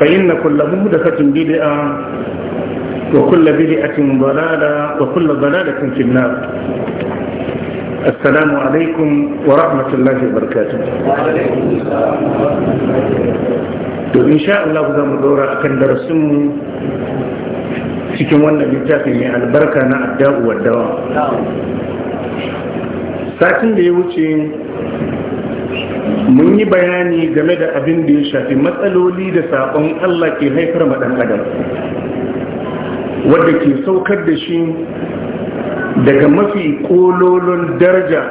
فإن كل مهدفة بدعة وكل بدعة ضلالة وكل ضلالة في النار السلام عليكم ورحمة الله وبركاته إن شاء الله ذا مدورة أكن درسمه cikin wannan littafi mai albarka na addabu wa dawa satin da ya wuce mun yi bayani game da abin da ya shafi matsaloli da saƙon Allah ke haifar maɗan adam wadda ke saukar da shi daga mafi ƙololon daraja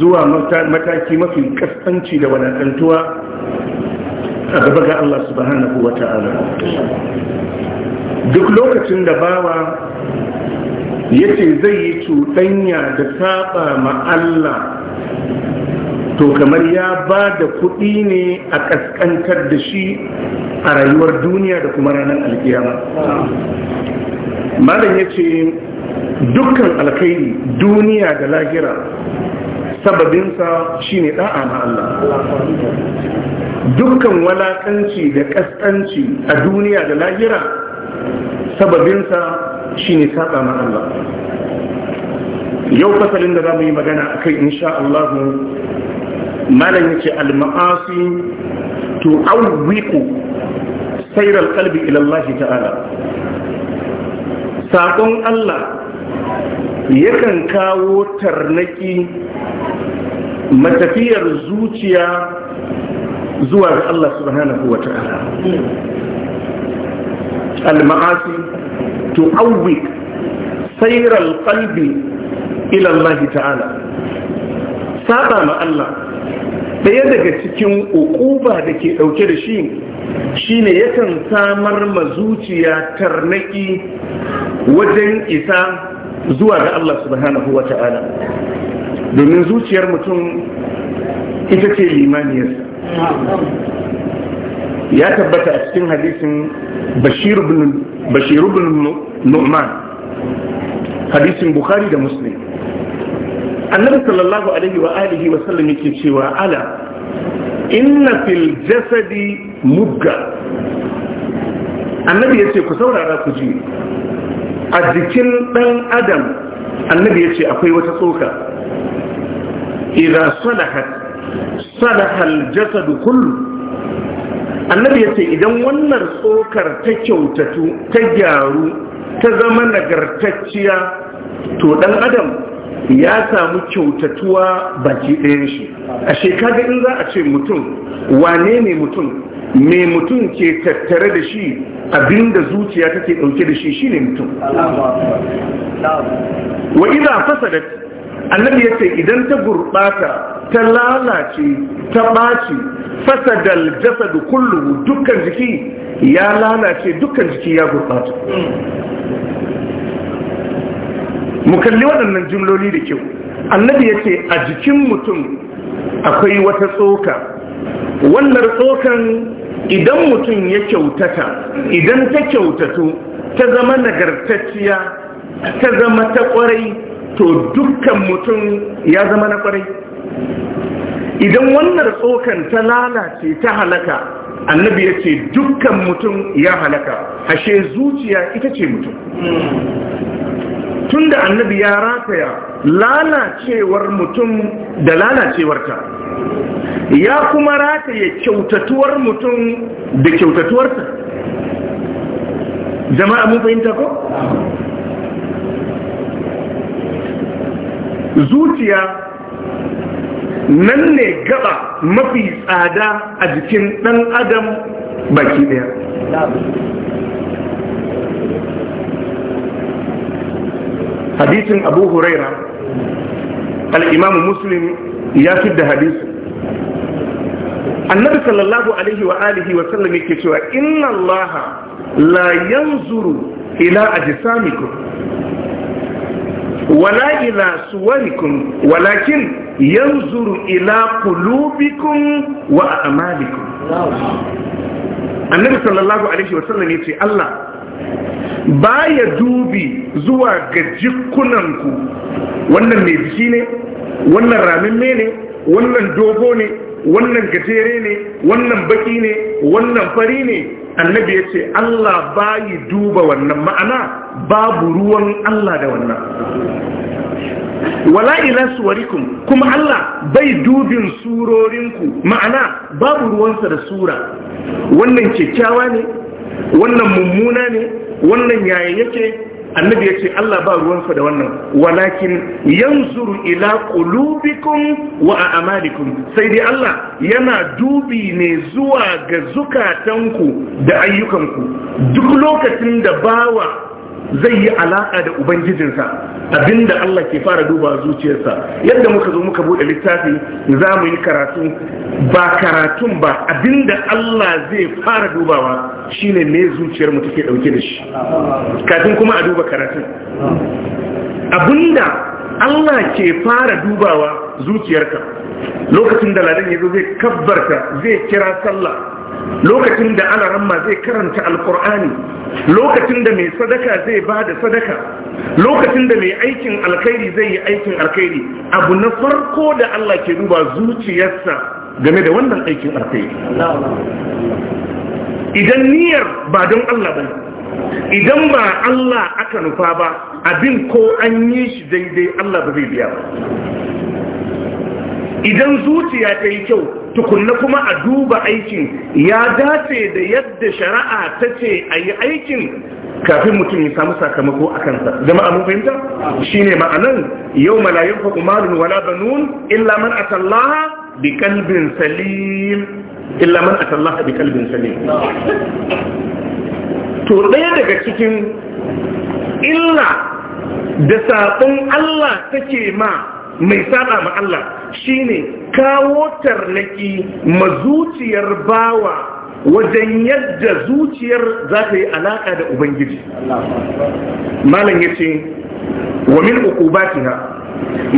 zuwa mataki mafi ƙasƙanci da wadatantuwa a gaba ga Allah subhanahu wa ta'ala duk lokacin da bawa ya ce zai yi cuɗanya da saɓa ma Allah to kamar ya ba da kuɗi ne a ƙasƙantar da shi a rayuwar duniya da kuma ranar alkiyama malam ya ce dukkan alkairi duniya da lahira sababinsa shine da'a na Allah dukkan walakanci da ƙasƙanci a duniya da lahira sababinsa shine saɓa na Allah yau fasalin da za mu yi magana a kai insha malam yace al-ma'asi tu'awwiqu sayr al-qalbi ila Allah ta'ala sakon Allah yakan kawo tarnaki matafiyar zuciya zuwa ga Allah subhanahu wa ta'ala al-ma'asi tu'awwiq sayr al-qalbi ila Allah ta'ala saba ma Allah ɗaya daga cikin ukuba da ke ɗauke da shi shine yakan samar ma zuciya tarnaki wajen isa zuwa ga Allah subhanahu wa ta'ala domin zuciyar mutum ita ce limaniyarsa ya tabbata a cikin hadisin bashiru bin nu'man hadisin bukhari da muslim annabi sallallahu alaihi wa alihi wa sallam yake cewa ala inna fil jasadi mugga annabi yace ku saurara ku ji a jikin dan adam annabi yace akwai wata tsoka idza salahat salaha al jasad kullu annabi yace idan wannan tsokar ta kyautatu ta gyaru ta zama nagartacciya to dan adam ya samu kyautatuwa baki ɗayan shi a shekaru in za a ce mutum wane ne mutum me mutum ke tattare da shi abinda zuciya take ɗauke da shi shi ne mutum wa fasa da annabi ya ce idan ta gurɓata ta lalace ta ɓaci fasadal jasadu kullu dukkan jiki ya lalace dukkan jiki ya gurɓata mu kalli waɗannan jimloli da kyau annabi ya ce a jikin mutum akwai wata tsoka wannan tsokan idan mutum ya kyautata idan ta kyautatu ta zama nagartacciya ta zama ta ƙwarai, to dukkan mutum ya zama na ƙwarai. idan wannan tsokan ta lalace ta halaka annabi ya ce dukkan mutum ya halaka ashe zuciya ita ce mutum tun da annabi ya rataya lalacewar mutum da lalacewarta ya kuma rataya kyautatuwar mutum da kyautatuwarta jama'a mun fahimta ko? zuciya nan ne gaba mafi tsada a jikin ɗan adam baki ɗaya hadisin abu huraira al'imamu muslim ya fi da hadisin annabi sallallahu alaihi wa alihi wa sallam yake cewa inna allaha la yanzuru ila ajsamikum wala ila suwarikum walakin yanzuru ila qulubikum wa a'malikum annabi sallallahu alaihi wa Allah baya dubi zuwa ga jikunanku wannan mai biki ne wannan ramin ne wannan dogo ne wannan gajere ne wannan baki ne wannan fari ne annabi ya ce Allah bayi duba wannan ma'ana babu ruwan Allah da wannan wala ila suwarikum kuma Allah bai dubin surorinku ma'ana babu ruwansa da sura wannan kyakkyawa ne wannan mummuna ne wannan yaya yake annabi ya ce Allah ba ruwansa da wannan walakin yanzuru ila qulubikum wa a'malikum sai dai Allah yana dubi ne zuwa ga zukatanku da ayyukanku duk lokacin da bawa zai yi alaƙa da ubangijinsa abinda Allah ke fara duba zuciyarsa yadda muka zo muka buɗe littafi za mu yi karatu ba karatun ba abinda Allah zai fara dubawa shine mai zuciyar mu take dauke da shi kafin kuma a duba karatun abinda Allah ke fara dubawa zuciyarka lokacin da ladan yazo zai kabbarta zai kira sallah lokacin da alaramma zai karanta alkur'ani lokacin da mai sadaka zai ba da sadaka lokacin da mai aikin alkhairi zai yi aikin alkhairi abu na farko da Allah ke duba zuciyarsa game da wannan aikin alkhairi idan niyyar ba don Allah ba idan ba Allah aka nufa ba abin ko an yi shi daidai Allah ba zai biya ba idan zuciya ta yi kyau tukunna kuma a duba aikin ya dace da yadda shari'a ta ce a yi aikin kafin mutum ya samu sakamako a kansa jama'a mun fahimta shi ne ma'anan yau malayin fa umarun wala banun illa man atallaha bi kalbin salim illa man atallaha bi kalbin salim to ɗaya daga cikin illa da saƙon Allah take ma mai saba ma Allah shine kawo tarnaki mazuciyar bawa wajen yadda zuciyar za ta yi alaka da ubangiji malam ya ce wa min uqubatina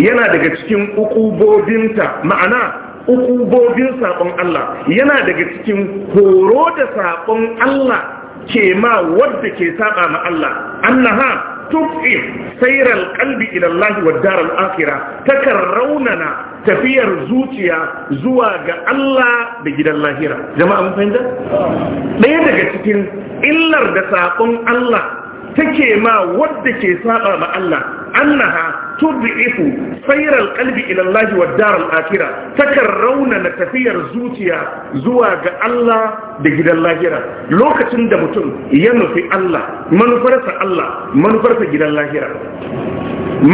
yana daga cikin ukubobinta ma'ana ukubobin sabon Allah yana daga cikin horo da sabon Allah ke ma wadda ke saba ma Allah annaha tufin sairar ƙalbi ilallahi wa daral akira takan raunana tafiyar zuciya zuwa ga Allah da gidan lahira jama'a mun fahimta ɗaya daga cikin illar da saƙon Allah take ma wadda ke saba ma Allah annaha tubifu sayral qalbi ila Allah wa daral akhirah takan rauna na tafiyar zuciya zuwa ga Allah da gidan lahira lokacin da mutum ya nufi Allah manufarsa Allah manufarsa gidan lahira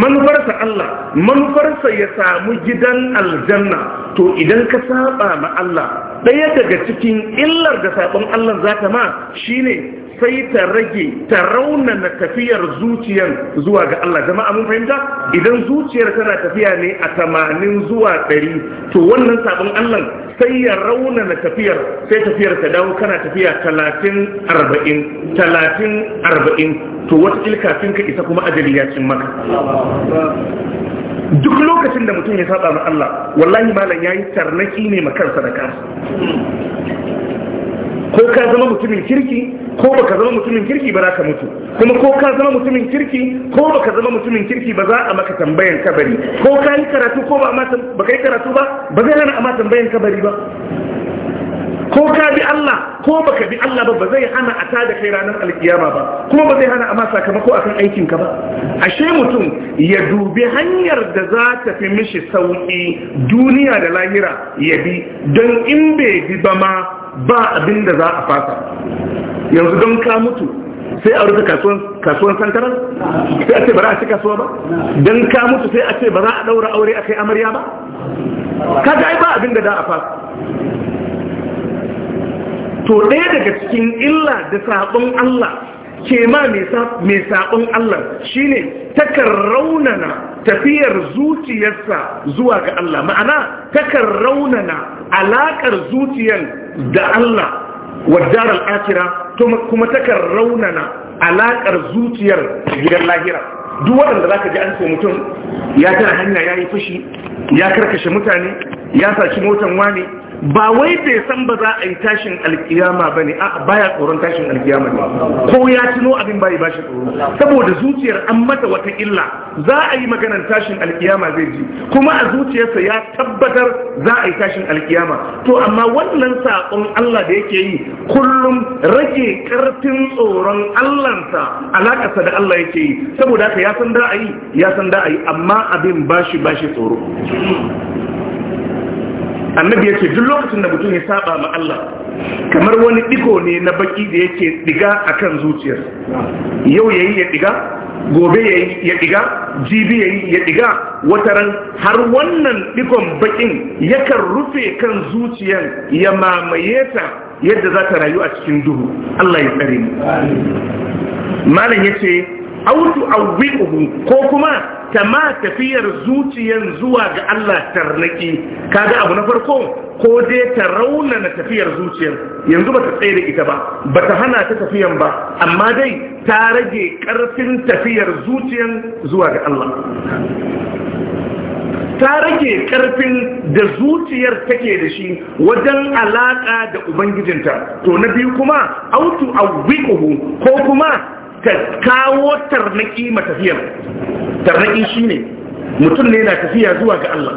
manufarsa Allah manufarsa ya samu gidan aljanna to idan ka saba ma Allah daya daga cikin illar da sabon Allah zaka ma shine sai ta rage ta raunana tafiyar zuciyar zuwa ga Allah jama'a mun fahimta idan zuciyar tana tafiya ne a tamanin zuwa ɗari to wannan sabon Allah sai ya raunana tafiyar sai tafiyar ta dawo kana tafiya talatin arba'in talatin arba'in to wata sun ka isa kuma ajali ya cin maka duk lokacin da mutum ya saba ma Allah wallahi malam yi tarnaki ne ma kansa da kansa ko ka zama mutumin kirki ko baka zama mutumin kirki ba za ka mutu kuma ko ka zama mutumin kirki ko baka zama mutumin kirki ba za a maka tambayan kabari ko ka yi karatu ko ba ka yi karatu ba ba zai hana a ma tambayan kabari ba ko ka bi Allah ko baka bi Allah ba ba zai hana a tada kai ranar alkiyama ba kuma ba zai hana a ma sakamako akan aikin ka ba ashe mutum ya dubi hanyar da za ta fi mishi sauki duniya da lahira ya bi don in bai bi ba ma ba abin da za a fasa yanzu don ka mutu sai a rufe kasuwan sankarar sai a ce ba za a ci kasuwa ba don ka mutu sai a ce ba za a daura aure a kai amarya ba ka ga ba abin da za a fasa to ɗaya daga cikin illa da sabon Allah ke ma mai saɓon Allah shi ne takar raunana tafiyar zuciyarsa zuwa ga Allah ma'ana takan raunana alaƙar zuciyar da Allah wadda al'akira kuma takan raunana alaƙar zuciyar gidan lahira. duk waɗanda za ka ji an ce mutum ya tara hanya ya yi fushi ya karkashe mutane ya saci motan wane ba wai bai san ba za a yi tashin alkiyama ba ne a baya tsoron tashin alkiyama ne ko ya tuno abin bai ba shi tsoro saboda zuciyar an mata wata illa za a yi maganar tashin alkiyama zai ji kuma a zuciyarsa ya tabbatar za a yi tashin alkiyama to amma wannan saƙon Allah da yake yi kullum rage ƙarfin tsoron Allahnsa sa da Allah yake yi saboda haka ya san da a yi ya san da a yi amma abin bashi bashi tsoro annabi yake duk lokacin da mutum ya saba ma Allah kamar wani diko ne na baki da yake diga akan zuciyar yau yayi ya diga gobe yayi ya diga jibi yayi ya diga wataran har wannan dikon bakin yakan rufe kan zuciyar ya mamaye ta yadda za ta rayu a cikin duhu Allah ya tsare mu malam yace autu ubu ko kuma ta ma tafiyar zuciyar zuwa ga Allah tarnaki kaga abu na farko ko dai ta rauna na tafiyar zuciyar yanzu ba ta tsaye da ita ba ba ta hana ta tafiyan ba amma dai ta rage karfin tafiyar zuciyar zuwa ga Allah ta rage karfin da zuciyar take da shi wajen alaka da ubangijinta to na biyu kuma autu ubu ko kuma ta kawo tarnaki matafiyar tarnaki shi ne mutum ne na tafiya zuwa ga Allah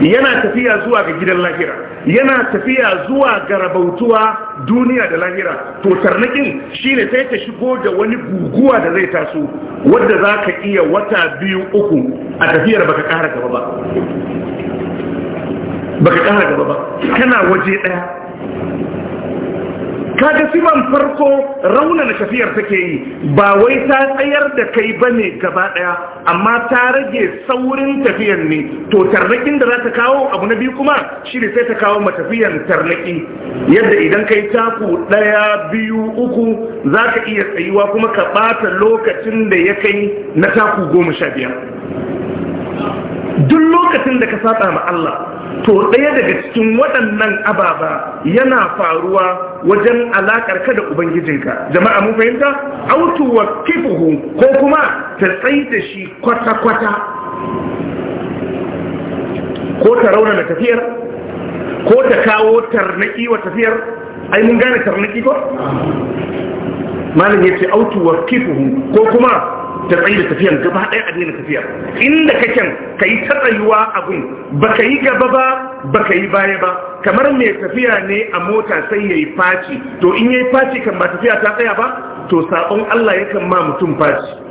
yana tafiya zuwa ga gidan lahira yana tafiya zuwa ga rabautuwa duniya da lahira to tarnakin shi ne sai ta shigo da wani guguwa da zai taso wadda za ka iya wata biyu uku a tafiyar baka kara gaba ba baka kara gaba ba kana waje ɗaya. kaga siman farko na tafiyar take yi ba wai ta tsayar da kai bane gaba daya amma ta rage saurin tafiyar ne to tarnakin da za ta kawo abu na biyu kuma shi ne sai ta kawo matafiyar tarnaki yadda idan kai taku daya biyu uku za ka iya tsayuwa kuma ka bata lokacin da ya kai na taku goma sha biyar duk lokacin da ka saba ma Allah to ɗaya daga cikin waɗannan ababa yana faruwa wajen alakar ka da ubangijinka jama'a mun fahimta autu wa kifuhu ko kuma ta tsaita shi kwata-kwata ko ta raunana tafiyar ko ta kawo tarnaki wa tafiyar ai mun gane tarnaki ko malam yace autu wa kifuhu ko kuma ta tsaye da tafiyan gaba ɗaya a daina tafiya inda kakan ka yi ta tsayuwa abin ba ka yi gaba ba ba ka yi baya ba kamar mai tafiya ne a mota sai ya yi faci to in ya yi faci kan ba tafiya ta tsaya ba to saƙon allah yakan ma mutum faci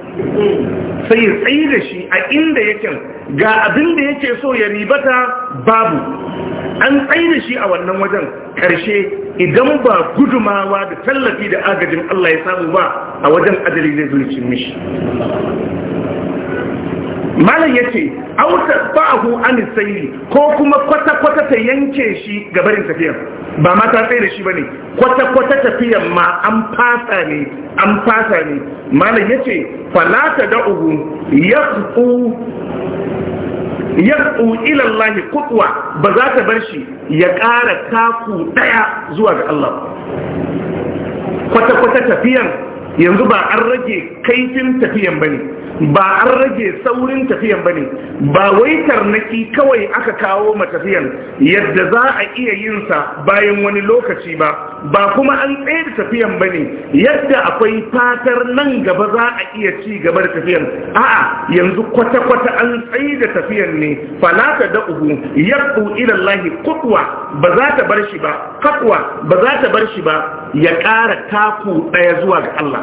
sai ya da shi a inda yake ga abin da yake so ya ribata babu an tsaye da shi a wannan wajen karshe idan ba gudumawa da tallafi da agajin Allah ya samu ba a wajen adali zai zurci mishi malam ya ce auta ba'ahu an sayi ko kuma kwata-kwata ta yanke shi gabarin tafiyar ba mata ta tsaye da shi bane kwata kwata tafiyan ma an fasa ne an fasa ne malam yace fala da yaqu yaqu ila Allah qutwa ba za ta bar shi ya ƙara kaku ɗaya zuwa ga Allah kwata kwata tafiyan yanzu ba an rage kaifin tafiyan bane ba an rage saurin tafiyan ba ne ba wai tarnaki kawai aka kawo matafiyan yadda za a iya yinsa bayan wani lokaci ba ba kuma an tsaye da tafiyan ba ne yadda akwai fatar nan gaba za a iya ci gaba da tafiyan a'a yanzu kwata-kwata an tsaye da tafiyan ne falata da uhu yadda ilallahi kutuwa ba za ta bar shi ba kakwa ba za ta bar shi ba ya ƙara taku ɗaya zuwa ga Allah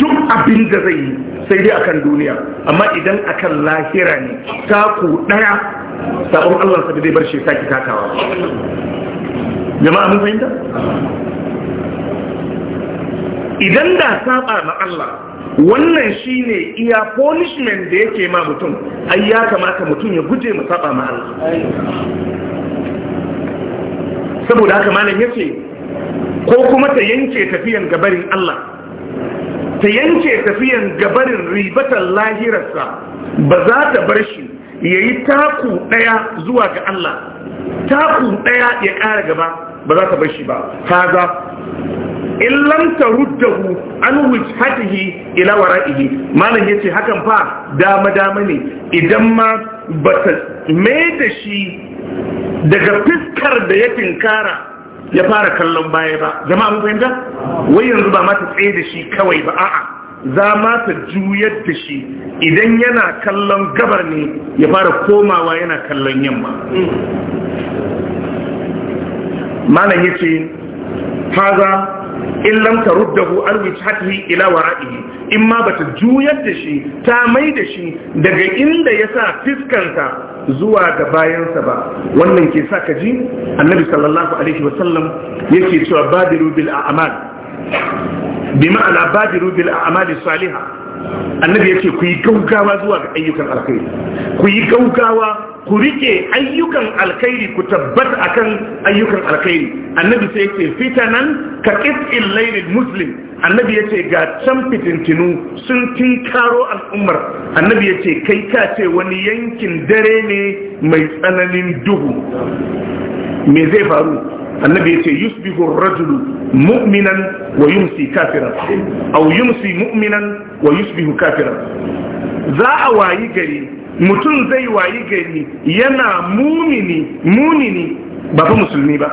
duk abin da zai yi sai dai akan duniya amma idan akan lahira ne taku ɗaya sabon Allah sabi zai bar shi saki takawa jama'a mun fahimta idan da saba ma Allah wannan shine iya punishment da yake ma mutum ai ya kamata mutum ya guje mu saba ma Allah saboda haka malam yace ko kuma ta yanke tafiyan gabarin Allah ta yanke tafiyan gabarin ribatan lahirarsa ba za ta bar shi yayi taku daya zuwa ga Allah taku daya ya ƙara gaba ba za ta bar shi ba kaza in lam taruddahu an wujhatihi ila wara'ihi malam yace hakan fa dama dama ne idan ma ta mai da shi daga fiskar da ya tinkara ya fara kallon baya ba jama'a mun fahimta wai yanzu ba ma ta tsaye da shi kawai ba a'a za ma ta juyar da shi idan yana kallon gabar ne ya fara komawa yana kallon yamma malam yace haza in lam hu, an wijhatihi ila wara'ihi in ma bata juyar da shi ta mai da shi daga inda ya sa fiskanta zuwa ga bayansa ba wannan ke sa ji? annabi sallallahu alaihi wasallam yake cewa badiru bil a'mal bi ma'ana badiru bil a'mali salihah annabi yace kuyi ku yi gaugawa zuwa ga ayyukan alkhairi ku yi gaugawa ku rike ayyukan alkhairi ku tabbata akan ayyukan alkhairi annabi sai yace fitanan ka qit'il laylil muslim annabi yace ga can fitintinu sun tinkaro al'ummar annabi yace kai ka ce wani yankin dare ne mai tsananin duhu me zai faru annabi yace yusbihu ar-rajulu mu'minan wa yumsi kafiran aw yumsi mu'minan wa yusbihu kafiran za a wayi gari mutum zai wayi gari yana mumini munini ba fa musulmi ba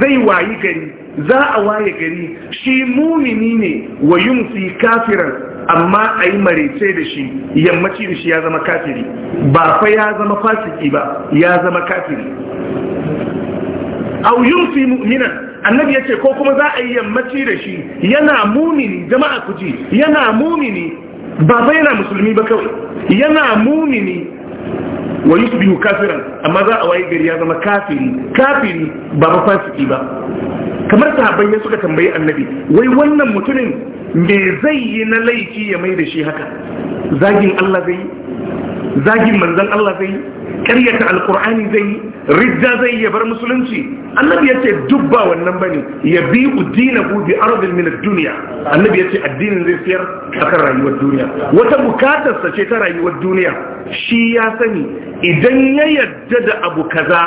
zai wayi gari za a waye gari shi mumini ne wa yumsi kafiran amma a yi marece da shi yammaci da shi ya zama kafiri ba fa ya zama fasiki ba ya zama kafiri aw yumsi mu'minan annabi yace ko kuma za a yi yammaci da shi yana mumini jama'a ku kuji yana mumini ba bai yana musulmi ba kawai yana mumini wa yusbihu kafiran amma za a waye gari ya zama kafiri kafiri ba ba fasiki ba kamar sahabbai ne suka tambayi annabi wai wannan mutumin me zai yi na laifi ya mai da shi haka zagin Allah zai yi zagin manzan Allah zai yi karyata alkur'ani zai yi ridda zai ya bar musulunci annabi ya ce duk ba wannan bane ya bi uddina bu bi arzil min ad-dunya annabi ya ce addinin zai siyar akan rayuwar duniya wata bukatar sa ce ta rayuwar duniya shi ya sani idan ya yadda da abu kaza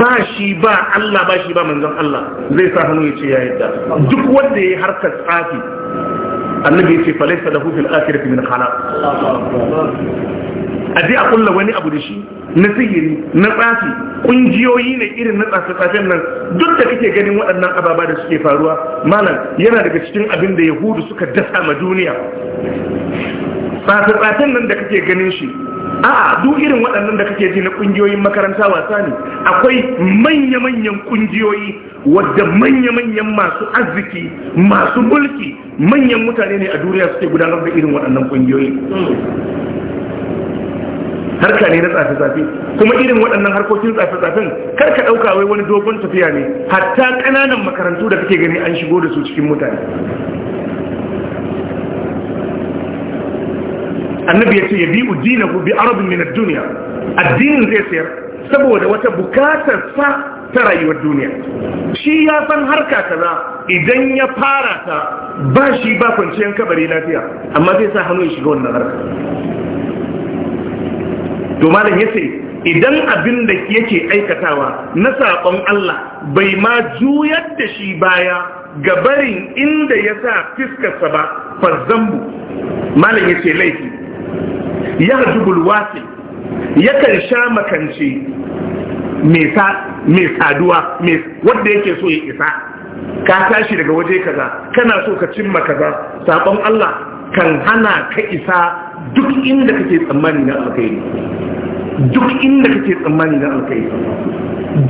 ba shi ba Allah ba shi ba manzon Allah zai sa hannu ya ce ya yadda duk wanda yayi harkar tsafi annabi ya ce falaisa lahu fil akhirati min khalaq a je a kulla wani abu da shi na sihiri na tsafi kungiyoyi ne irin na tsafi nan duk da kake ganin waɗannan ababa da suke faruwa malam yana daga cikin abin da yahudu suka dasa ma duniya tsafe-tsafen nan da kake ganin shi a duk irin waɗannan da kake ji na kungiyoyin makaranta wasa ne akwai manya-manyan ƙungiyoyi wadda manya-manyan masu arziki masu mulki manyan mutane ne a duniya suke gudanar da irin waɗannan kungiyoyi harka ne na tsafe-tsafe kuma irin waɗannan harkokin tsafe-tsafen kar ka ɗauka wai wani dogon tafiya ne hatta ƙananan makarantu da kake gani an shigo da su cikin mutane annabi ya ce ya bi'u ku bi arabin minar duniya addinin zai sayar saboda wata bukatar sa ta rayuwar duniya shi ya san harka kaza idan ya fara ta ba shi ba kwanciyar kabari lafiya amma zai sa hannu ya shiga wannan harka domin malam ce idan abin da yake aikatawa na saƙon Allah bai ma juyar da shi baya ga barin inda ya sa fiskarsa ba fazzambu malam ce laifi ya hajjubul wasi yakan sha makance mai saduwa wadda yake so ya isa ka tashi daga waje kaza kana so ka cimma kaza saƙon Allah kan hana ka isa duk inda kake tsammani na alkhairi duk inda kake tsammani na alkhairi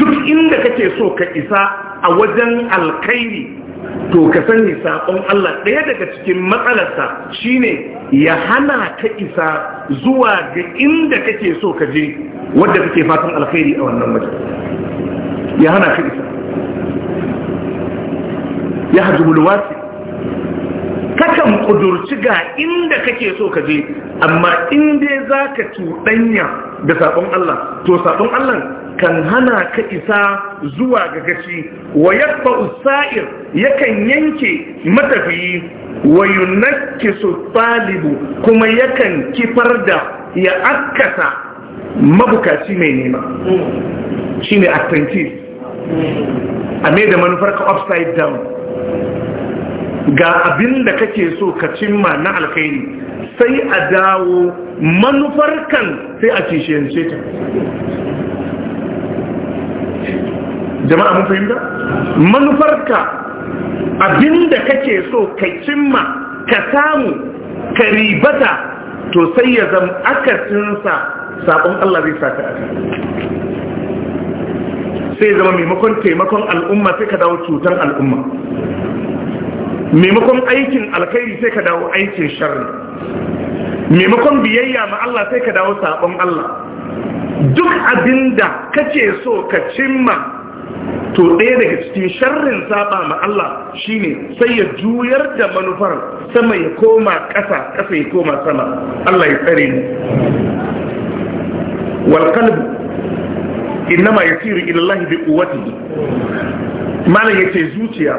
duk inda kake so ka isa a wajen alkhairi to ka sani saƙon Allah ɗaya daga cikin matsalarsa shine ya hana ka isa zuwa ga inda kake so ka je wadda kake fatan alkhairi a wannan waje ya hana ka isa ya hajjubul kakan kudurci ga inda kake so ka je amma inda za ka cuɗanya da sabon Allah to sabon Allah kan hana ka isa zuwa ga gashi wa yabba usair yakan yanke matafiyi wa yunakkisu talibu kuma yakan kifar da ya akkasa mabukaci mai nema shine attentive a mai da manufar ka upside down ga abin da kake so ka cimma na alkhairi sai a dawo manufar kan sai a cishiyance ta jama'a mun fahimta manufarka abinda kake so ka cimma ka samu ka ribata to sai ya zama akasinsa sabon Allah zai saka aka sai zama maimakon taimakon al'umma sai ka dawo cutar al'umma maimakon aikin alkhairi sai ka dawo aikin sharri maimakon biyayya ma Allah sai ka dawo sabon Allah duk abinda kace so ka cimma to ɗaya daga cikin sharrin saba ma Allah shine sai ya juyar da manufar sama ya koma ƙasa ƙasa ya koma sama Allah ya tsare mu wal qalb innama yasiru ila Allah bi quwwatihi malan yace zuciya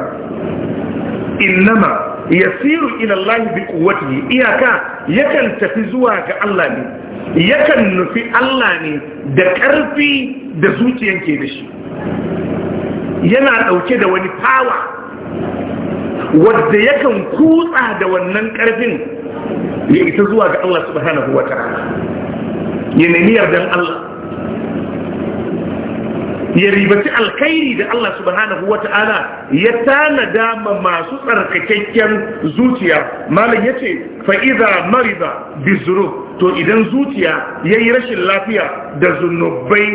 innama yasiru ila Allah bi ne iyaka yakan tafi zuwa ga Allah ne yakan nufi Allah ne da ƙarfi da zuciyan ke da shi yana ɗauke da wani fawa wanda yakan kutsa da wannan ƙarfin, ya isa zuwa ga Allah subhanahu wataala ya nemi yardan Allah ya ribaci alkhairi da Allah subhanahu wata'ala ya tanada ma masu tsarkakakken zuciya malam yace ce idza marida bizuru to idan zuciya yayi rashin lafiya da zunubai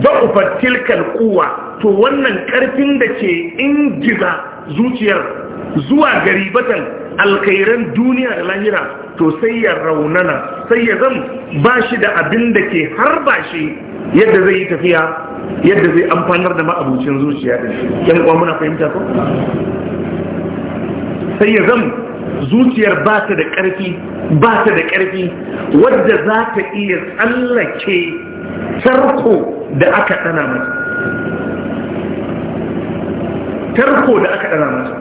da'ufa tilkal kuwa, to wannan ƙarfin da ke ingiza zuciyar zuwa garibatan alkhairan duniya da lahira to sai ya raunana sai ya zan ba shi da abin da ke harba shi yadda zai yi tafiya yadda zai amfanar da ma'abucin zuciya da shi yan uwa muna fahimta ko sai ya zama zuciyar ba ta da ƙarfi ba ta da ƙarfi wadda za ta iya tsallake tarko da aka ɗana mata tarko da aka ɗana mata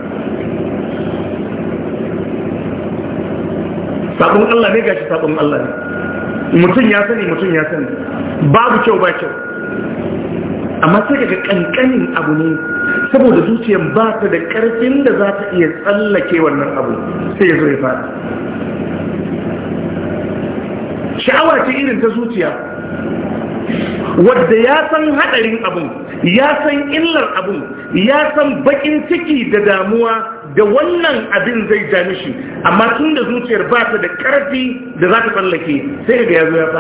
sabon Allah ne gashi sabon Allah ne mutum ya sani mutum ya sani babu kyau ba kyau amma sai daga kankanin abu ne saboda zuciyar ba ta da karfin da za ta iya tsallake wannan abu sai ya zo ya fara sha'awa ce irin ta zuciya wadda ya san hadarin abu ya san illar abun ya san bakin ciki da damuwa da wannan abin zai ja mishi amma tun da zuciyar ba ta da ƙarfi da za ta tsallake sai ga ya zo ya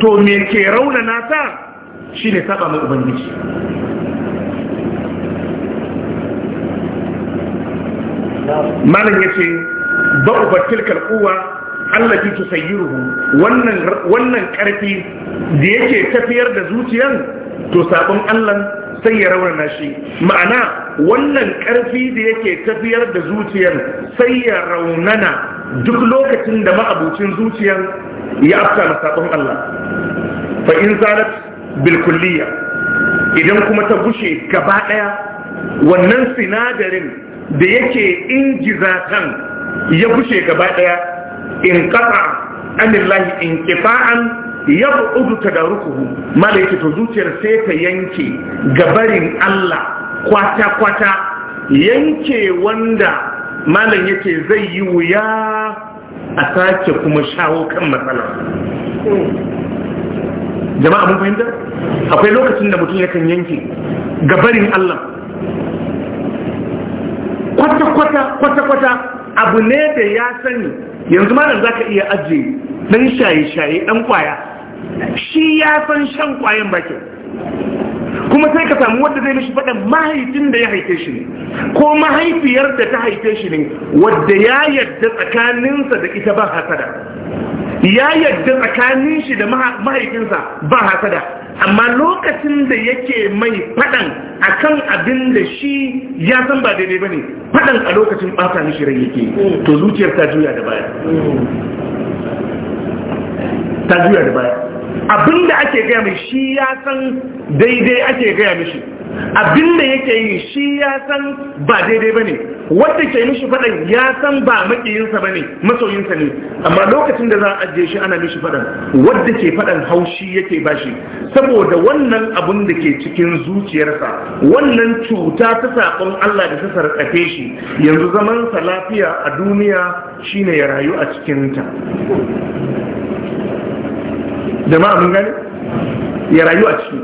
to me ke rauna nasa shi ne saba mai ubangiji malam ya ce ba ubattil kalkuwa allafi ta sayyiruhu wannan ƙarfi da yake tafiyar da zuciyan to sabon Allah. sai ya raunana shi ma'ana wannan ƙarfi da yake tafiyar da zuciyar sai ya raunana duk lokacin da ma'abucin zuciyar ya afta na sabon Allah fa in zanat bilkulliya idan kuma ta bushe gaba wannan sinadarin da yake injiza kan ya bushe gaba in ƙafa anillahi in ta da rukuhu mala yake to zuciyar sai ta yanke gabarin Allah kwata kwata yanke wanda malam yake zai yi wuya a sake kuma shawo kan matsalar jama'a mun fahimta akwai lokacin da mutum yakan yanke gabarin Allah kwata kwata kwata kwata abu ne da ya sani yanzu malam zaka iya ajiye ɗan shaye shaye dan kwaya shi ya san shan kwayan bakin kuma sai ka samu wadda zai mishi faɗin mahaifin da ya haife shi ne ko mahaifiyar da ta haife shi ne wadda ya yadda tsakaninsa da ita ba hasada ya yadda tsakanin shi da mahaifinsa ba hasada amma lokacin da yake mai faɗan kan abin da shi ya san ba daidai ba ne faɗan a lokacin ɓata mishi rai yake to zuciyar ta juya da baya abinda ake gaya mai shi ya san daidai ake gaya mishi abinda yake yi shi ya san ba daidai ba ne, wadda ke mishi fadan ya san ba makiyinsa ne, masoyinsa ne amma lokacin da za a ajiye shi ana mishi fadan wadda ke fadan haushi yake bashi saboda wannan abun da ke cikin zuciyarsa wannan cuta ta saƙon Allah da ta shi yanzu zamansa lafiya a duniya shine ya rayu a cikinta. jama'a mun gani ya rayu a ciki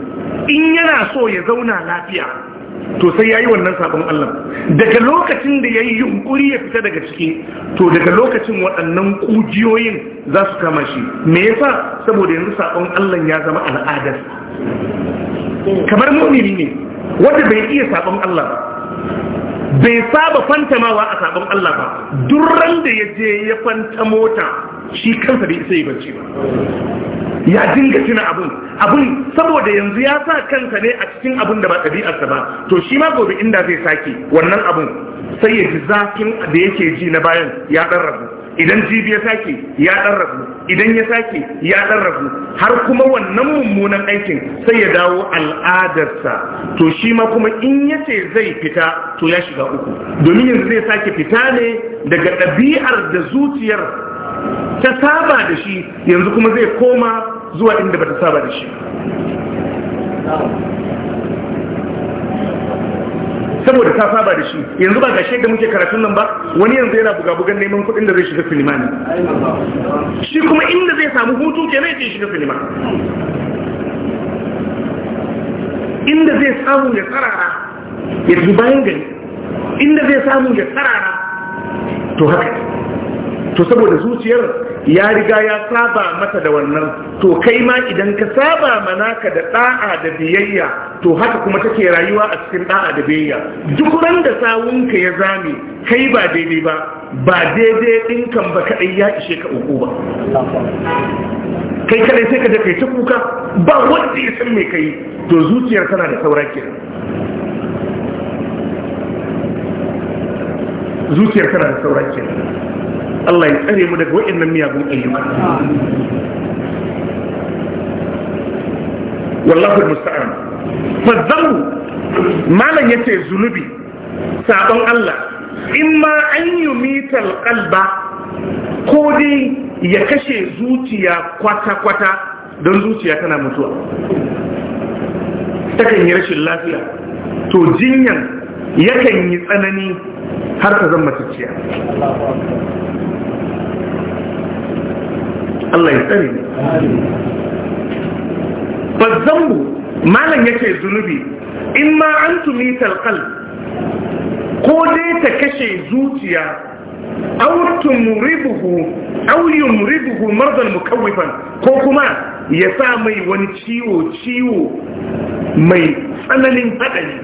in yana so ya zauna lafiya to sai ya wannan sabon Allah daga lokacin da yayi yi yunkuri ya fita daga ciki to daga lokacin waɗannan kujiyoyin za su kama shi me yasa saboda yanzu sabon Allah ya zama al'ada, kamar mu'mini ne wanda bai iya sabon Allah bai saba fantamawa a sabon Allah ba duk ran da ya je ya fanta mota shi kansa bai isa yi bacci ba ya dinga tuna abun abun saboda yanzu ya sa kansa ne a cikin abun da ba ɗabi'arsa ba to shi ma gobe inda zai sake wannan abun sai ya ji zafin da yake ji na bayan ya ɗan rabu idan jibi ya sake ya ɗan rabu idan ya sake ya ɗan rabu har kuma wannan mummunan aikin sai ya dawo al'adarsa to shi ma kuma in ya ce zai fita to ya shiga uku domin yanzu zai sake fita ne daga ɗabi'ar da zuciyar ta saba da shi yanzu kuma zai koma zuwa inda bata saba da shi saboda ta saba da shi yanzu ba gashe da muke karatun nan ba wani yanzu yana buga neman kudin da zai shiga sinima ne shi kuma inda zai samu hutu ke zai shiga sinima inda zai samu ya tsarara ya tafi bayan gari inda zai samu ya tsarara to haka to saboda zuciyar ya riga ya saba mata da wannan to kai ma idan ka saba manaka da da'a da biyayya to haka kuma take rayuwa a cikin da'a da biyayya duk ran da sawunka ya zame kai ba daidai ba ba daidai ɗinkan ba kaɗai ya ishe ka uku ba kai kadai sai ka je kai ta kuka ba wanda ya san mai kai to zuciyar tana da saura kenan zuciyar tana da saura kenan Allah ya tsare mu daga waɗannan miyagun ayyuka wallahu musta'an zamu malan yace zunubi sabon Allah imma an yumita alqalba ko dai ya kashe zuciya kwata kwata don zuciya tana mutuwa takan yi rashin lafiya to jinyan yakan yi tsanani har ta zama ciciya Allah ya tsare ba zambu malam yake zunubi in ma an tumi talqal ko dai ta kashe zuciya aw tumribuhu aw yumribuhu mardan mukawifan ko kuma ya sa mai wani ciwo ciwo mai tsananin haɗari,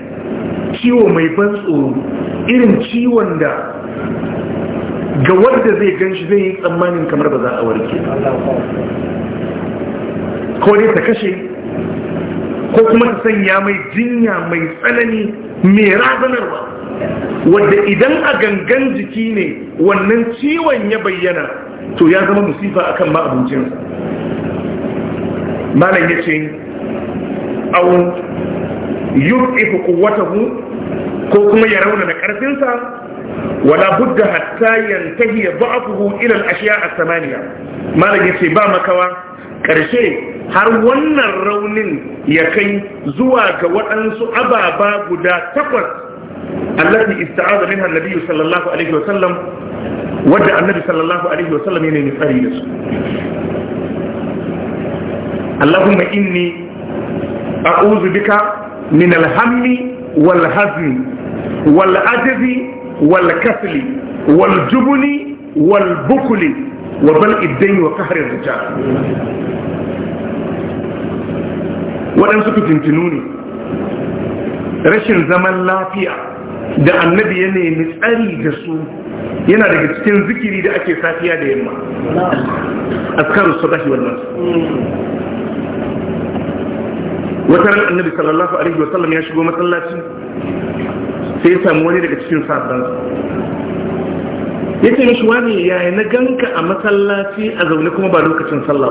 ciwo mai ban tsoro irin ciwon da ga wanda zai gan shi zai yi tsammanin kamar ba za a warke ko dai ta kashe ko kuma ta sanya mai jinya mai tsanani mai razanarwa wadda idan a gangan jiki ne wannan ciwon ya bayyana to ya zama musifa akan ma'abincinsa malam ya ce au yub'ihu hu, ko kuma ya rauna na karfinsa wala budda hatta yantahi da'afuhu ila al-ashiya as-samaniya malam yace ba makawa karshe har wannan raunin ya kai zuwa ga waɗansu ababa guda takwas allati ista'aza minha an sallallahu alaihi wasallam wadda annabi sallallahu alaihi wasallam yana nutsari da su Allahumma inni a'udhu bika min alhammi wal hazmi wal ajzi wal kasli wal jubni wal bukli wa bal iddayn wa qahri rijal waɗansu fitintinu ne rashin zaman lafiya da annabi ya nemi tsari da su yana daga cikin zikiri da ake safiya da yamma askarus sadahi wannan wata ran annabi sallallahu alaihi wasallam ya shigo masallaci sai ya samu wani daga cikin sabansa ya ce mashi wani yaya na ganka a masallaci a zaune kuma ba lokacin sallah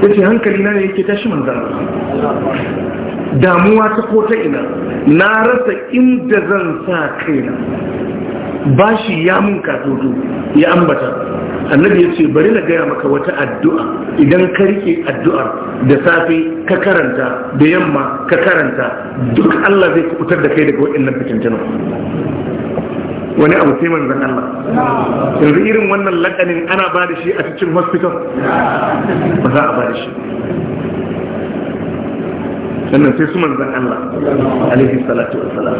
ba ya ce hankali na ne yake tashi manzan damuwa ta ko ta ina na rasa inda zan sa kaina bashi ya mun katoto ya ambata annabi ya ce bari na gaya maka wata addu'a idan ka rike addu'ar da safe ka karanta da yamma ka karanta duk Allah zai kubutar da kai daga waɗannan fitintinu wani abu sai manzan Allah yanzu irin wannan lakanin ana ba da shi a cikin hospital ba za a ba da shi sannan sai su manzan Allah alaihi salatu wa salam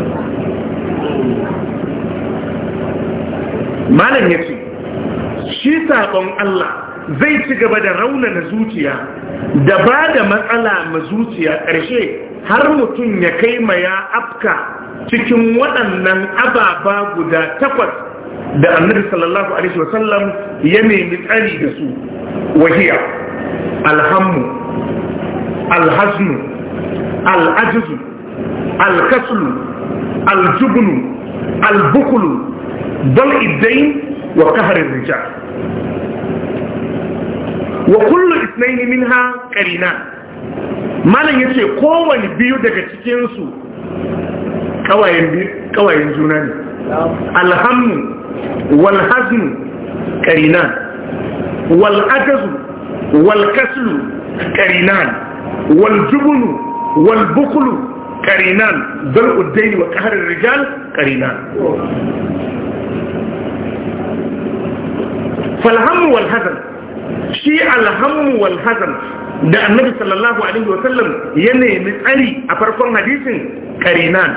malam ya ce shi saƙon Allah zai ci gaba da raunana zuciya da ba da matsala ma zuciya ƙarshe har mutum ya kai ma ya afka cikin waɗannan ababa guda takwas da annabi sallallahu alaihi wasallam ya nemi tsari da su wahiya alhammu alhaznu al'ajizu alkaslu aljubnu albukulu bal idain wa kaharin rijal wa kullu isnaini minha qarina malam yace kowanne biyu daga cikin su kawayen juna ne alhammu wal hazmu qarina wal ajazu wal kaslu qarina wal jubnu wal bukhlu qarina zal uddain wa qahr ar rijal qarina falhammu wal hazmu shi alhammu wal hazan da annabi sallallahu alaihi wa sallam ya nemi tsari a farkon hadisin karinan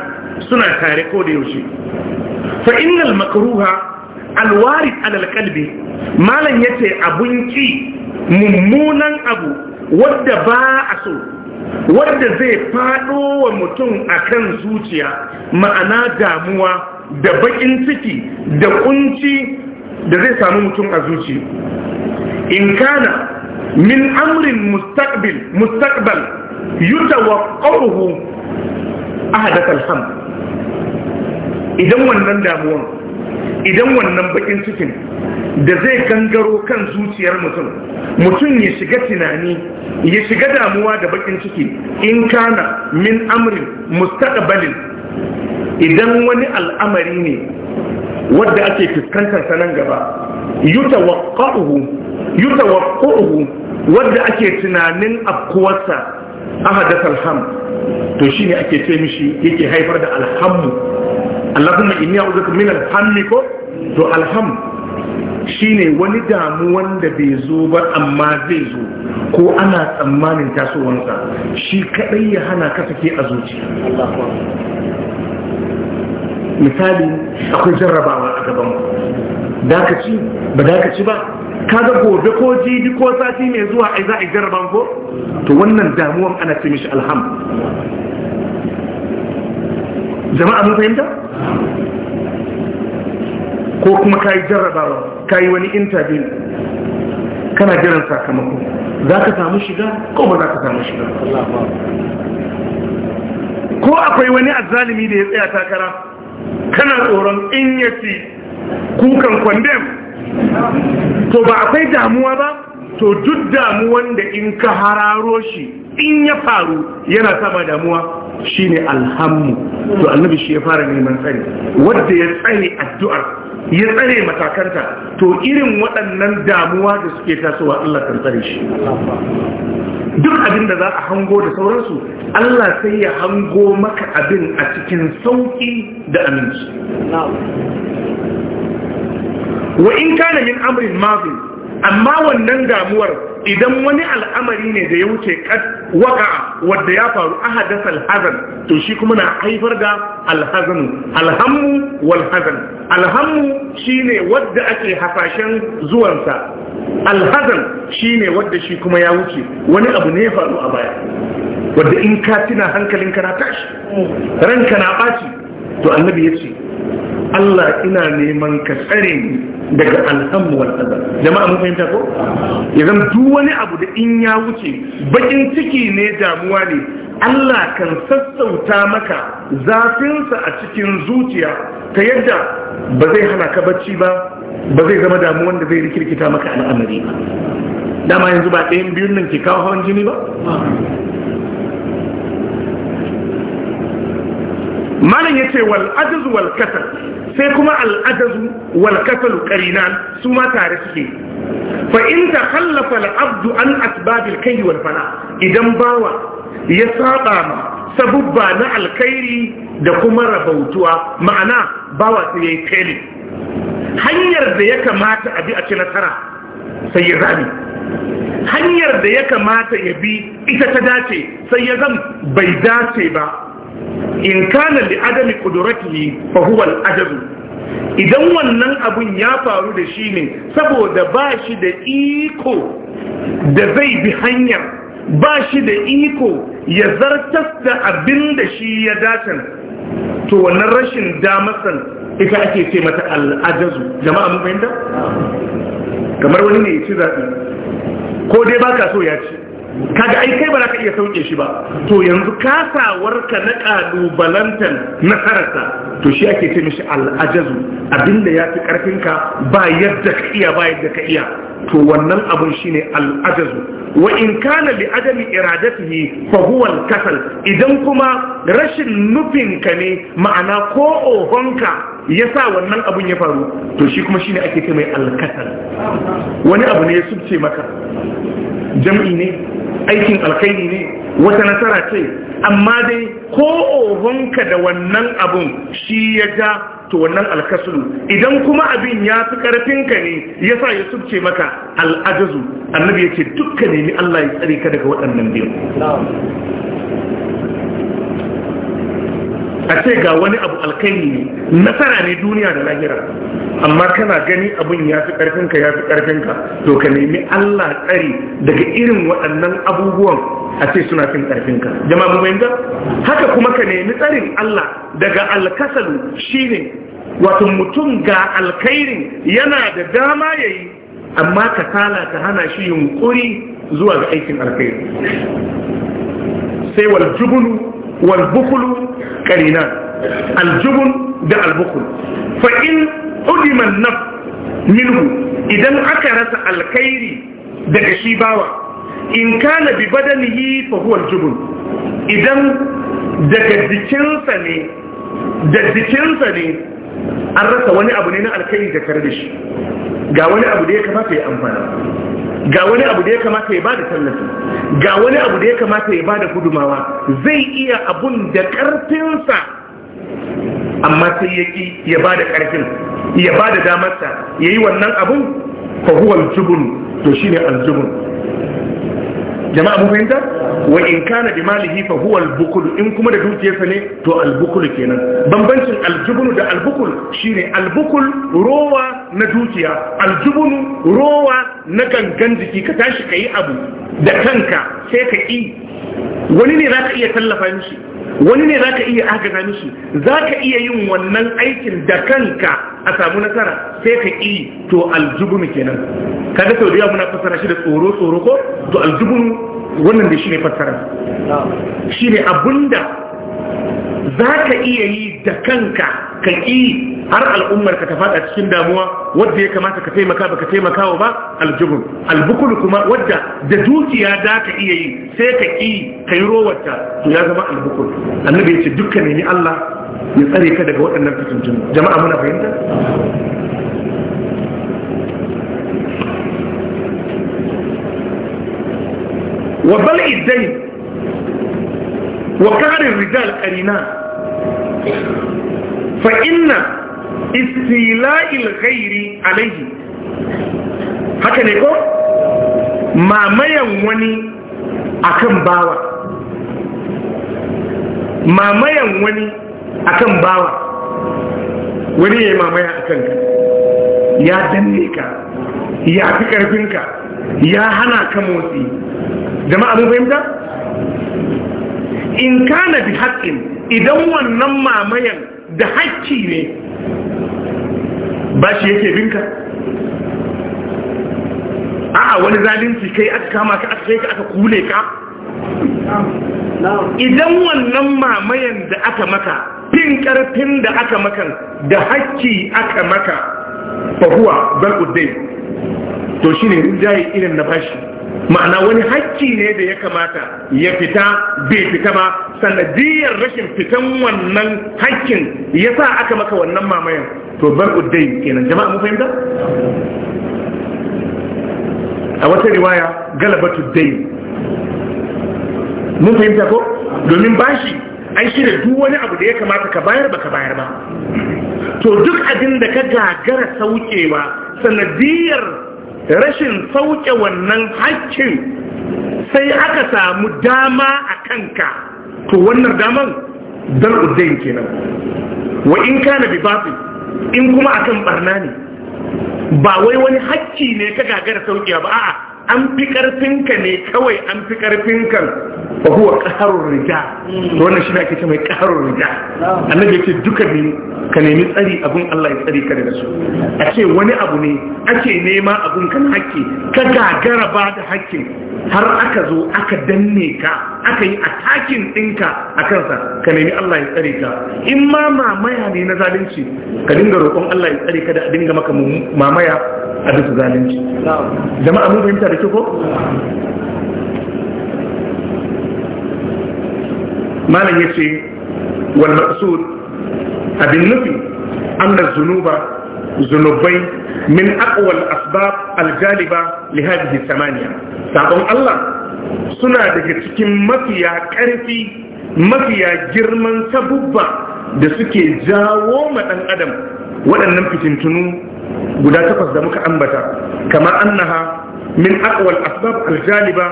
suna tare ko da yaushe fa innal makruha alwari alal kalbi malam yace abun ki mummunan abu wadda ba a so wadda zai fado wa mutum akan zuciya ma'ana damuwa da bakin ciki da kunci da zai samu mutum a zuci in kana min amrin mustaqbil mustaqbal yutawaqqahu ahadath Ham. idan wannan damuwan idan wannan bakin cikin da zai gangaro kan zuciyar mutum mutum ya shiga tunani ya shiga damuwa da bakin ciki in kana min amrin mustaqbalin idan wani al'amari ne wadda ake fuskantar nan gaba yutawaqqa'uhu yutawaqqa'uhu wanda ake tunanin afkuwarsa ahadat alham to shine ake ce mishi yake haifar da alhammu Allahumma inni a'udhu min alhammi ko to alham shine wani damuwan da bai zo ba amma zai zo ko ana tsammanin tasowansa shi kadai ya hana ka sake a zuciya misali akwai jarrabawa a gaban da ka ci ba da ka ci ba ga gobe ko jibi ko sati mai zuwa ai za a jaraban ko to wannan damuwan ana ce mishi alham jama'a mun fahimta ko kuma yi jarrabawa yi wani interview kana jiran sakamako za ka samu shiga ko ba za ka samu shiga ko akwai wani azzalimi da ya tsaya takara kana tsoron in ya ce kukan kwandem to ba akwai damuwa ba to duk damuwan da in ka hararo shi in ya faru yana sama damuwa shine alhammu to annabi shi ya fara neman tsari wanda ya tsare addu'ar ya tsare matakanta to irin waɗannan damuwa da suke tasowa Allah kan tsare shi duk abin da za a hango da sauransu Allah sai ya hango maka abin a cikin sauƙi da aminci wa in kana min amrin madin amma wannan damuwar idan wani al'amari ne da ya wuce kad waka wadda ya faru ahadas alhazan to shi kuma na haifar da alhazanu alhammu walhazan hazan alhammu shine wadda ake hasashen zuwansa alhazan shine wadda shi kuma ya wuce wani abu ne ya faru a baya wadda in ka tuna hankalinka na tashi ranka na ɓaci to annabi ya ce Allah ina neman ka tsare ni daga alhamu wal azab jama'a mun fahimta ko idan duk wani abu da in ya wuce bakin ciki ne damuwa ne Allah kan sassauta maka zafinsa a cikin zuciya ta yadda ba zai hana ka bacci ba ba zai zama damuwan da zai rikirkita maka al'amari dama yanzu ba ɗayan biyun nan ke kawo hawan jini ba malam ya ce wal ajazu wal kasal sai kuma al ajazu wal kasal su ma tare suke fa in ta khallafa al abdu an asbabil kai wal fana idan bawa ya saba ma sabubba na alkhairi da kuma rabautuwa ma'ana bawa sai yayi feli hanyar da ya kamata a bi a ci nasara sai ya zame hanyar da ya kamata ya bi ita ta dace sai ya zam bai dace ba in kana li adami kudurati fa huwa idan wannan abun ya faru da shi ne saboda ba shi da iko da zai bi hanya, ba shi da iko ya zartas da abin da shi ya datan to wannan rashin damasan ita ake ce mata al'adazu. jama'a mun fahimta kamar wani ne ya ci zaɓi ko dai baka so ya ci kaga ai kai ba za ka iya sauke shi ba to yanzu kasawarka na kalubalantan nasararsa to shi ake ce mishi al'ajazu abinda ya fi karfinka ba yadda ka iya ba yadda ka iya to wannan abun shine al'ajazu wa in kana li ajali iradatihi fa huwa al-kasal idan kuma rashin nufin ka ne ma'ana ko ohonka ya sa wannan abun ya faru to shi kuma shine ake ce mai alkasal wani abu ne ya subce maka jam'i ne aikin alkhairi ne wata nasara ce amma dai ko ohonka da wannan abun shi ya ja to wannan alkasulu idan kuma abin ya fi karfinka ne ya sa ya subce maka al'ajazu annabi ya ce dukkan ni Allah ya tsare ka daga waɗannan biyu a ce ga wani abu alkhairi ne nasara ne duniya da lahira amma kana gani abun ya fi karfinka ya fi karfinka to ka nemi Allah tsari daga irin waɗannan abubuwan a ce suna fin karfinka jama'a mu bayyana haka kuma ka nemi tsarin Allah daga alkasalu shine wato mutum ga alkhairin yana da dama yayi amma sala ta hana shi yunkuri zuwa ga aikin alkhairi sai wal jubulu wal bukhlu قرينان الجبن ده البخل فإن أدم النفس منه إذا أكرس الكير ده شيباوة إن كان ببدنه فهو الجبن إذا daga jikinsa ne da jikinsa ne an rasa wani abu ne na alkhairi da kare da shi ga wani abu da ya kamata ya amfana ga wani abu da ya kamata ya bada tallafi ga wani abu da ya kamata ya bada gudumawa zai iya abun da ƙarfinsa, amma sai ya ki ya bada karfin ya bada damarsa ya yi wannan abun fa huwa aljubun to shine aljubun jama'a mu fahimta wa in kana bi malihi fa huwa al-bukul in kuma da dukiyarsa ne to al-bukul kenan bambancin al-jubnu da al-bukul shine al-bukul rowa na dukiya al-jubnu rowa na gangan jiki ka tashi kai abu da kanka sai ka yi wani ne zaka iya tallafa mishi wani ne zaka iya agaza mishi zaka iya yin wannan aikin da kanka a samu nasara sai ka yi to al-jubnu kenan kaga sau da yawa muna fassara shi da tsoro tsoro ko to al-jubnu wannan da shi ne fassara shi ne abinda za ka iya yi da kanka ka ƙi har al'ummar ka ta fada cikin damuwa wadda ya kamata ka taimaka baka taimaka wa ba aljihun albukul kuma wadda da dukiya za ka iya yi sai ka ƙi ka yi rowarta to ya zama albukul annabi ya ce dukkan ni Allah ya tsare ka daga waɗannan fitintun jama'a muna fahimta wa bal iddai wa karin rijal karina fa inna istila'il ghairi alaihi haka ne ko mamayan wani akan bawa mamayan wani akan bawa wani ya yi mamaya akan ka ya danne ka ya fi karfinka ya hana ka motsi jama'a mun fahimta in kana bi haƙƙin idan wannan mamayan da haƙƙi ne ba shi yake binka a'a wani zalunci kai aka kama ka aka kai ka aka kule ka idan wannan mamayan da aka maka fin karfin da aka makan da haƙƙi aka maka fahuwa zal'uddai to shi ne irin na bashi ma'ana wani hakki ne da ya kamata ya fita bai fita ba sanadiyar rashin fitan wannan hakkin ya sa aka maka wannan mamayan to bar uddai kenan jama'a mu fahimta a wata riwaya galaba dai mun fahimta ko domin bashi an shirya duk wani abu da ya kamata ka bayar ba ka bayar ba to duk abin da ka gagara saukewa sanadiyar rashin sauke wannan haƙƙin sai aka samu dama a kanka to wannan daman dan dar'uddain kenan wa in kana bi batil in kuma akan barna ne ba wai wani haƙƙi ne ka gagara sauke ba a'a an fi karfinka ne kawai an fi karfinka ba huwa ƙaharun rija to wannan shi ake ce mai ƙaharun rija annabi ya ce duka ne ka nemi tsari abun Allah ya tsari ka da su a ce wani abu ne ake nema abun kan haƙƙi. ka gagara ba da hakkin har aka zo aka danne ka aka yi takin ɗinka a kansa ka nemi Allah ya tsare ka in ma mamaya ne na zalunci ka dinga roƙon Allah ya tsare ka da a dinga maka mamaya a bisa zalunci jama'a mun fahimta da ko malam ya ce wal maqsud abin nufi anna zunuba zunubai min aqwal asbab aljaliba li hadhihi samaniya sabon Allah suna daga cikin mafiya karfi mafiya girman sabubba da suke jawo ma dan adam waɗannan fitintunu guda takwas da muka ambata kama annaha min aqwal asbab aljaliba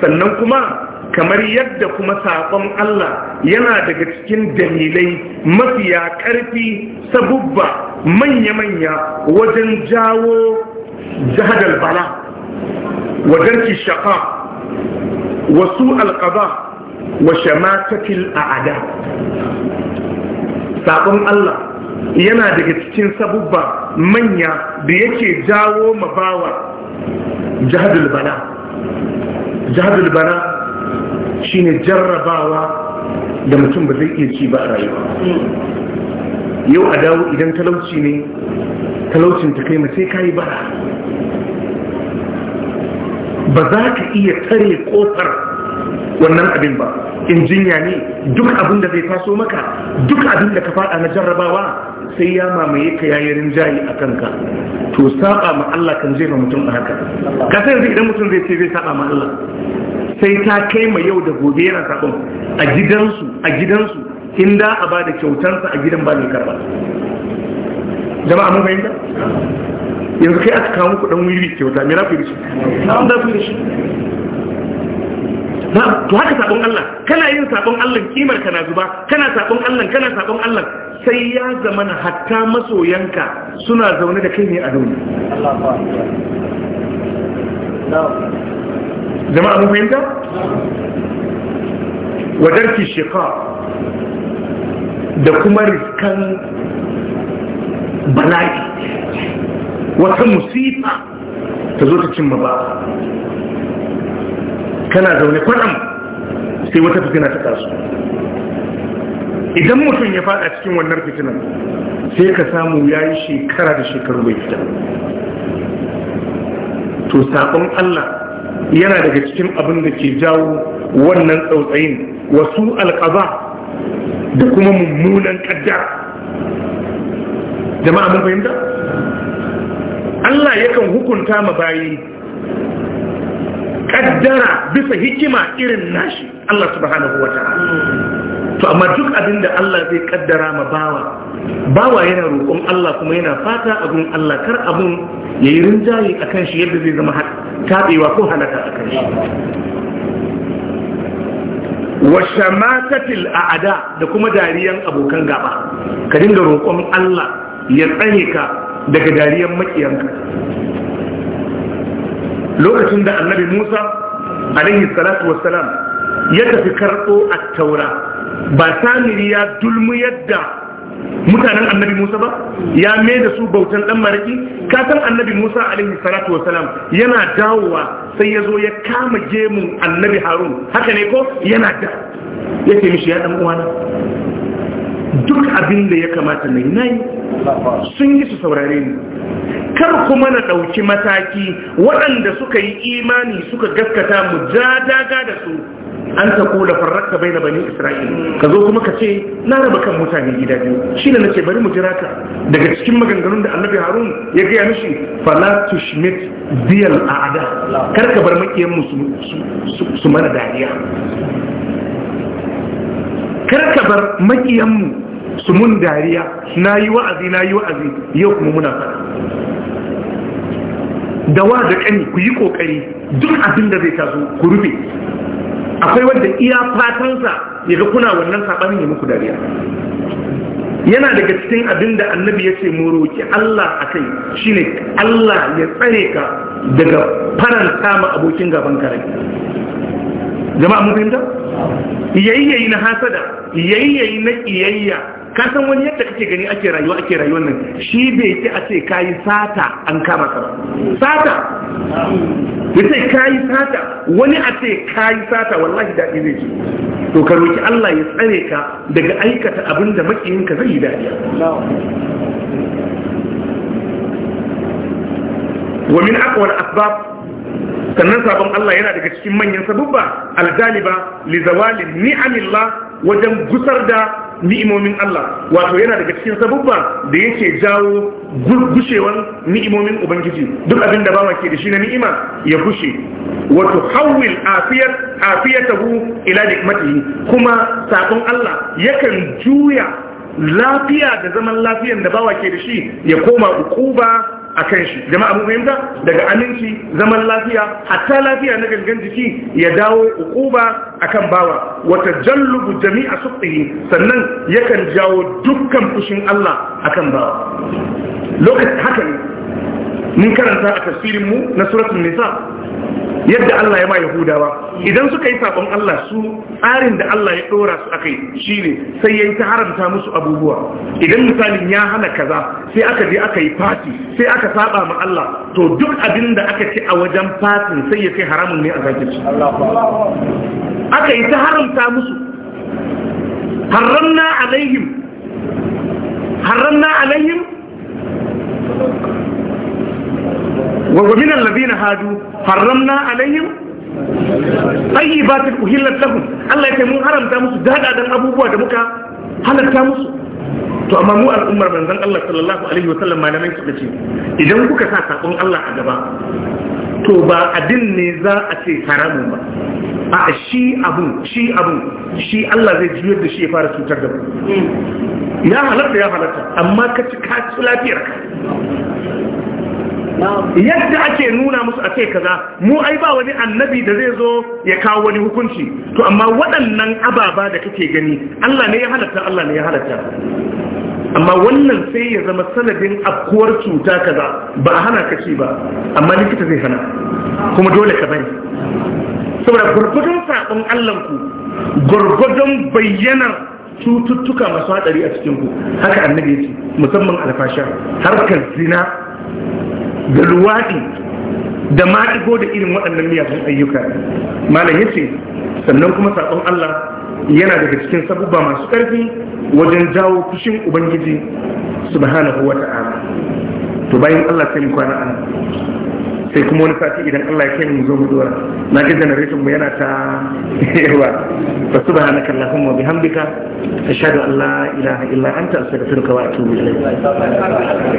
sannan kuma kamar yadda kuma saƙon Allah yana daga cikin dalilai mafiya ƙarfi sabubba manya-manya wajen jawo jihadar bala wajen kishaka wasu alƙaba wa a a'ada saƙon Allah yana daga cikin sabubba manya da yake jawo mabawa jihadul bala jihadul shi shine jarrabawa da mutum ba zai iya ci ba a rayuwa yau a dawo idan talauci ne talaucin ta kai sai kayi bara ba za ka iya tare kofar wannan abin ba injiniya ne duk abin da zai faso maka duk abin da ka fada na jarrabawa sai ya mamaye ka yayi rinjayi a kanka to saba ma Allah kan jefa mutum a haka ka sai yanzu idan mutum zai ce zai saba ma Allah sai ta kai ma yau da gobe yana sabon a gidansu a gidansu in da a ba da sa a gidan ba ne karba jama'a mun fahimta yanzu kai aka kawo kuɗin wuri kyauta me na ku yi da shi ba to haka sabon Allah kana yin sabon Allah kimar kana zuba kana sabon Allah kana sabon Allah sai ya zamana hatta masoyanka suna zaune da kai ne a duniya jama'a mun fahimta wadarki shiqa da kuma riskan bala'i wata musita ta zo ta cimma ba kana zaune kwaɗam sai wata fitina ta taso idan mutum ya fada cikin wannan fitinan sai ka samu ya yi shekara da shekaru bai fita to saƙon Allah yana daga cikin abin da ke jawo wannan tsautsayin wasu alƙaba da kuma mummunan ƙadda jama'a mun fahimta Allah yakan hukunta ma bayi kaddara bisa hikima irin nashi Allah subhanahu wa ta'ala to amma duk abin da Allah zai kaddara ma bawa bawa yana roƙon Allah kuma yana fata abun Allah kar abun ya yi rinjaye a shi yadda zai zama taɓewa ko halaka a kan shi wa shamatatil a'ada da kuma dariyan abokan gaba ka dinga roƙon Allah ya tsane ka daga dariyan makiyanka lokacin da annabi musa alaihi salatu wassalam ya tafi karɓo a taura ba samiri ya dulmu yadda mutanen annabi musa ba ya mai da su bautan ɗan maraƙi kasan annabi musa alaihi salatu wassalam yana dawowa sai ya zo ya kama gemun annabi harun haka ne ko yana da ya ce mishi ya ɗan uwana duk abin da ya kamata mai yi sun yi su saurare ni kar kuma na ɗauki mataki waɗanda suka yi imani suka gaskata mu ja daga da su an ta kula farraka bai na bani isra'il ka zo kuma ka ce na raba kan mutane gida biyu shi ne nace bari mu jira ka daga cikin maganganun da annabi harun ya gaya mishi fala tushmit biyal a'ada kar ka bar makiyan su mana dariya kar ka bar makiyan mu su mun dariya na yi wa'azi na yi wa'azi yau kuma muna fara da wa da kani ku yi kokari duk abin da zai taso ku rufe akwai wanda iya fatansa ya ga kuna wannan sabani ya muku dariya yana daga cikin abin da annabi ya ce mu roki Allah akai shine Allah ya tsare ka daga faranta ma abokin gaban rai jama'a mun fahimta yayyayi na hasada yayyayi na kiyayya ka san wani yadda kake gani ake rayuwa ake rayuwar nan shi bai ce a ce kayi sata an kama ka sata ya ce kayi sata wani a ce kayi sata wallahi daɗi zai ce to ka roki Allah ya tsare ka daga aikata abin da makiyinka zai yi daɗi wa min aqwal asbab sannan sabon Allah yana daga cikin manyan sabubba aljaliba li zawali ni'amillah wajen gusar da ni'imomin Allah wato yana daga cikin sabubba da yake jawo gushewar ni'imomin ubangiji duk abin da bawa ke da shi na ni'ima ya gushe wato hawil afiyat afiyatahu ila nikmatihi kuma sabon Allah yakan juya lafiya da zaman lafiyan da bawa ke da shi ya koma ukuba a kan shi jama'a mu da daga aminci zaman lafiya hatta lafiya na gangan jiki ya dawo ukuba akan bawa wata jallubu jami'a suqihi sannan yakan jawo dukkan fushin Allah akan bawa lokacin haka ne mun karanta a tafsirin mu na suratul nisa yadda Allah ya ma Yahudawa idan suka yi sabon Allah su tsarin da Allah ya dora su akai shine sai yayi ta haramta musu abubuwa idan misalin ya hana kaza sai aka je aka yi fati sai aka saba ma Allah to duk abin da aka ci a wajen fati sai ya kai haramun ne a shi aka yi ta haramta musu haramna alaihim haramna alaihim wa min allazina hadu haramna alaihim tayyibatin uhillat lahum Allah yake mun haramta musu dada dan abubuwa da muka halatta musu to amma mu al'ummar manzon Allah sallallahu alaihi wasallam malaman suka ce idan kuka sa sakon Allah a gaba to ba abin ne za a ce haramun ba a shi abun shi abun shi Allah zai juyar da shi ya fara cutar da mu hmm. ya halarta ya amma ka ci ka ci lafiyar yadda ake nuna musu a ce kaza mu ai ba wani annabi da zai zo ya kawo wani hukunci to amma waɗannan ababa da kake gani Allah ne ya halatta Allah ne ya halatta amma wannan sai ya zama sanadin afkuwar cuta kaza ba a hana kashi ba amma likita zai hana kuma dole ka bani saboda gurgudun saɓon allahnku gurgudun bayyanar cututtuka masu haɗari a ku haka annabi ya ce musamman alfasha harkar zina da ruwaɗi da maɗigo da irin waɗannan miyagun ayyuka malam ya ce sannan kuma saƙon Allah yana daga cikin sabubba masu ƙarfi wajen jawo fushin ubangiji subhanahu wa ta'ala to bayan Allah sai mu kwana ana sai kuma wani sati idan Allah ya kai mu zo mu dora na ga generation mu yana ta yawa fa subhanaka allahumma bihamdika ashhadu an la ilaha illa anta astaghfiruka wa atubu ilayk